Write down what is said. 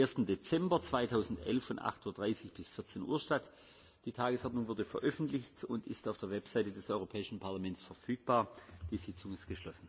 1. Dezember 2011 von 8.30 Uhr bis 14 Uhr statt. Die Tagesordnung wurde veröffentlicht und ist auf der Webseite des Europäischen Parlaments verfügbar. Die Sitzung ist geschlossen.